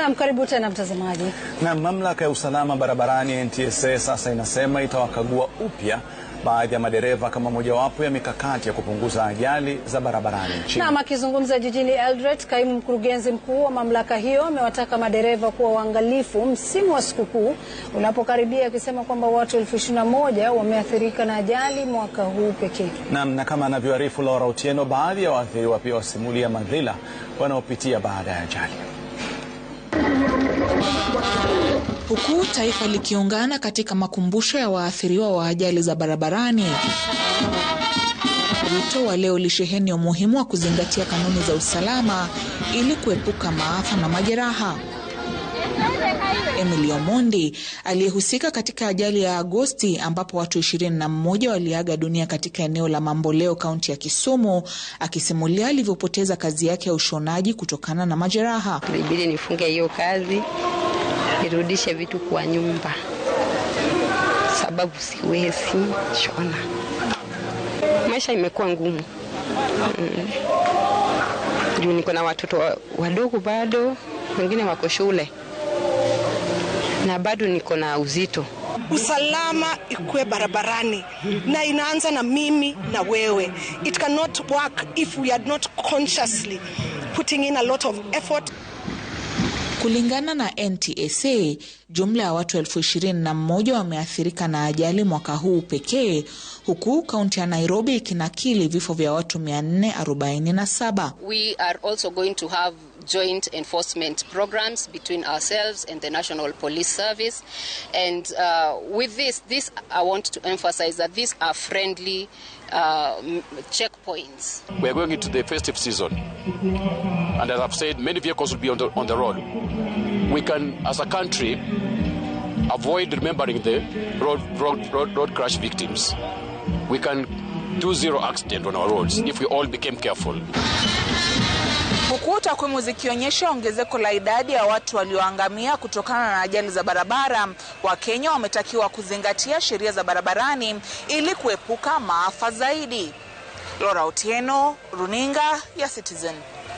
Naam, karibu tena mtazamaji. Na mamlaka ya usalama barabarani NTSA sasa inasema itawakagua upya baadhi ya madereva kama mojawapo ya mikakati ya kupunguza ajali za barabarani nchini. Naam, akizungumza jijini Eldoret, kaimu mkurugenzi mkuu wa mamlaka hiyo amewataka madereva kuwa waangalifu msimu wa sikukuu unapokaribia, akisema kwamba watu elfu ishirini na moja wameathirika na ajali mwaka huu pekee. Naam, na kama anavyoarifu Laura Otieno, baadhi ya waathiriwa pia wasimulia madhila wanaopitia baada ya ajali huku taifa likiungana katika makumbusho ya waathiriwa wa ajali za barabarani. Wito wa leo lisheheni umuhimu wa kuzingatia kanuni za usalama ili kuepuka maafa na majeraha. Emily Omondi aliyehusika katika ajali ya Agosti ambapo watu 21 waliaga dunia katika eneo la Mamboleo, kaunti ya Kisumu, akisimulia alivyopoteza kazi yake ya ushonaji kutokana na majeraha. Ilibidi nifunge hiyo kazi, nirudishe vitu kwa nyumba sababu siwezi shona. Maisha imekuwa ngumu mm. Juu niko na watoto wadogo bado, wengine wako shule na bado niko na uzito. Usalama ikuwe barabarani na inaanza na mimi na wewe. It cannot work if we are not consciously putting in a lot of effort. Kulingana na NTSA, jumla ya watu elfu ishirini na mmoja wameathirika na ajali mwaka huu pekee, huku kaunti ya Nairobi ikinakili vifo vya watu 447. We are also going to have joint enforcement programs between ourselves and the National Police Service. And uh, with this, this I want to emphasize that these are friendly uh, checkpoints. We are going into the festive season, and as I've said, many vehicles will be on the, on the road. We can, as a country, avoid remembering the road, road, road, road crash victims. We can do zero accident on our roads if we all became careful. Huku takwimu zikionyesha ongezeko la idadi ya watu walioangamia kutokana na ajali za barabara, Wakenya wametakiwa kuzingatia sheria za barabarani ili kuepuka maafa zaidi. Laura Otieno, Runinga ya Citizen.